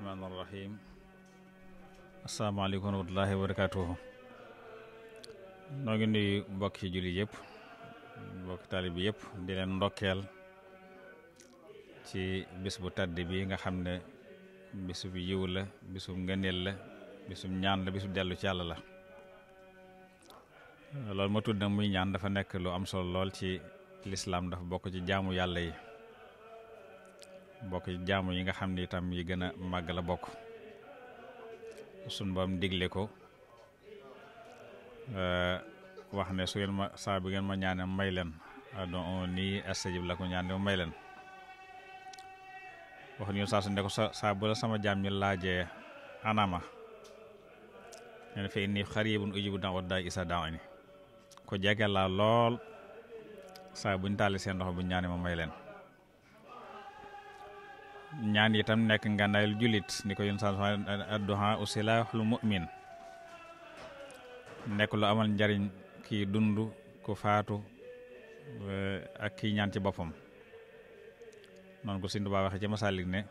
rahmaani rahim asalaamaaleykum wa rahmatulaahi wa barakaatuhu noo ngi nuyu mbokki julli yëpp mbokki taalib yëpp di ndokkeel ci bis bu tàdd bi nga xam ne bisub yiw la bisub ngëneel la bisub ñaan la bisub dellu ci yàlla la loolu ma tudd nag muy ñaan dafa nekk lu am solo lool ci lislaam dafa bokk ci jaamu yàlla yi bokk ci jaamu yi nga xam ni itam yi gën a màgg la bokk suñ mu digle ko euh, wax ne su ngeen ma saa bi ngeen ma ñaane may leen adon nii astajib la ko ñaane may leen wax ñu saa su ne ko sa saa bu la sama jaam ñu laajee anama nen fa inni xaribun ujibu daa wa daay isa daa ni ko jege laa lool saa buñ tàlli seen ndox bu ñaane ma may leen ñaan itam nekk ngànnaayul jullit ni ko yun saa adduha usilahul mu'min nekk lu amal njariñ kii dund ku faatu e, ak kii ñaan ci boppam noonu ko Sëñ Tuubaa waxee ci Masaalik ne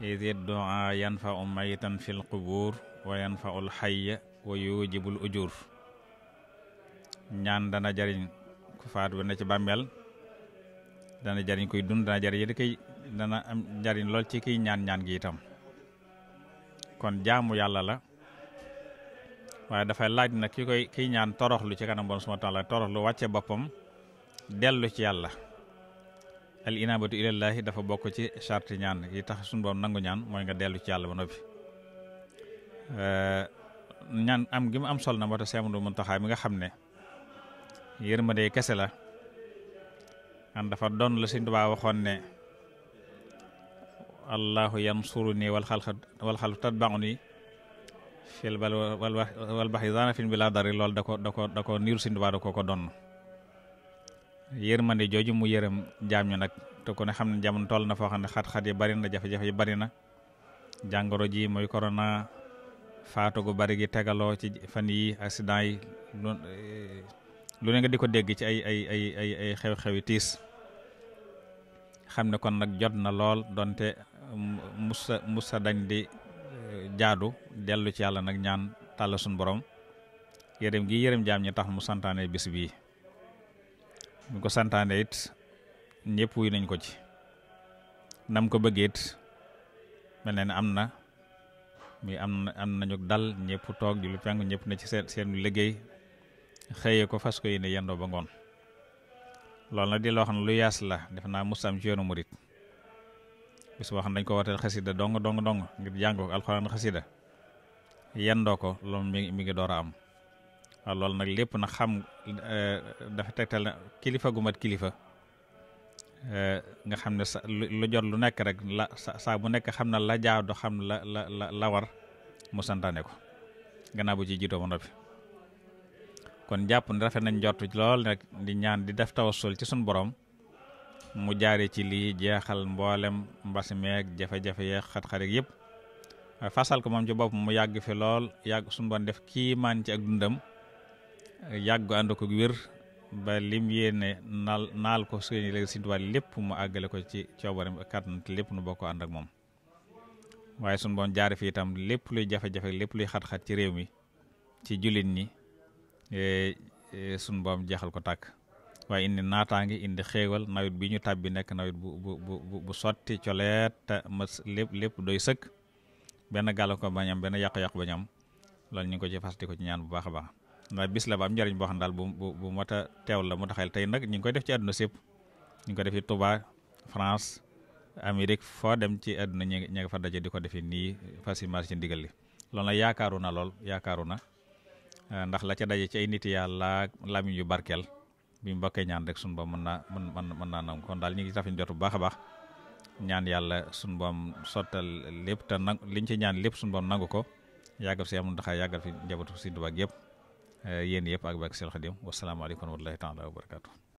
id du'a yanfa'u maytan fil qubur wa yanfa'ul hayya wa yujibul ujur ñaan dana jariñ ku faatu ba ne ci dana jariñ kuy dund dana jariñ di koy dana am njariñ lool ci kiy ñaan-ñaan gi itam kon jaamu yàlla la waaye dafay laaj nag ki koy kiy ñaan toroxlu ci kanam borom subhaanahu wa taala toroxlu wàcce boppam dellu ci yàlla al inaabatu ilallaahi dafa bokk ci sarti ñaan yi tax suñu borom nangu ñaan mooy nga dellu ci yàlla ba noppi ñaan am gi mu am sol na moo tax seemadu Muntaxaa mi nga xam ne yërmande kese la an dafa doon la Sëñ Tuubaa waxoon ne allahu yansuru nii wal xal wal xal tatbaxu nii fil bal wal baxi zanafin bi laa dari loolu da ko da ko da ko niiru Sëñ Tuubaa da ko ko donn yërmande jooju mu yërëm njam ñu nag te ku ne xam ne jamono tol na foo xam ne xat-xat yi bari na jafe-jafe yi na jàngoro ji mooy corona faatu gu bari gi tegaloo ci fan yi accident yi lu ne nga di ko dégg ci ay ay ay ay xew-xewi tiis xam ne kon nag jot na lool donte musa musa dañ di eh, jaadu dellu ci yàlla nag ñaan tàll suñ boroom yërëm gi yërëm jaam ñi tax mu santaane bis bii mu ko santaane it ñëpp wuy nañ ko ci nam ko bëggee it mel ne am na mi am na am nañu dal ñëpp toog lu penku ñëpp na ci seen seen liggéey xëyee ko fas ko yéene yendoo ba ngoon loolu nag di loo xam ne lu yaas la def naa musam ci yoonu murit bis boo xam dañ ko wateel xasida dong dong dong ngir jàng ko alxuraan xasida yendoo ko loolu mi mi ngi door a am waaw loolu nag lépp na xam eh, dafa tegtal kilifa gu mat kilifa eh, nga xam ne sa lu jot lu nekk rek la saa bu nekk xam na la jaado xam la la la la war mu santaane ko gannaaw bu ci jiitoo ba noppi kon jàpp ne rafet nañ jot lool rek di ñaan di def tawassul ci suñ boroom mu jaare ci li jeexal mboolem mbas meeg jafe-jafe yeeg xat-xarik yëpp fasal ko moom ci bopp mu yàgg fi lool yàgg suñu bon def kii maan ci ak dundam yàgg ànd ko wér ba lim yéene naal naal ko suñu léegi lépp mu àggale ko ci coobaram ak kàttan te lépp nu bokk ànd ak moom waaye suñu bon jaare fi itam lépp luy jafe-jafe lépp luy xat-xat ci réew mi ci jullit ñi eh, eh, suñu boom jeexal ko tàkk waaye indi naataange indi xéewal nawet bi ñu tàbbi nekk nawet bu bu bu bu sotti coleet ma lépp lépp doy sëkk benn gàllankoor bañ am benn yàq yàqu bañam am loolu ñu ngi ko ci ci ñaan bu baax a baax ndax bis la ba njëriñ boo xam daal bu bu mat a teew la mu taxel tey nag ñu ngi koy def ci àdduna sépp ñu ngi ko def ci France Amérique foo dem ci àdduna ñi ñi nga fa daje di ko defee nii facilement ci ndigal li lool nag yaakaaru na lool yaakaaru na ndax la ca daje ci ay nit yàlla lamiñ yu barkeel bi mu ñaan rek sunu boom mën naa mën na mën naa nangu kon daal ñu ngi tax ñu baax a baax ñaan yàlla sunu boom sottal lépp te nag liñ ci ñaan lépp sunu boom nangu ko yàggal fi amul ndax yàggal fi njabootu si Tuubaa yëpp eh, yéen yëpp ak bak Seex Xaadim wasalaamaaleykum wa rahmatullaahi taala wa barakaatu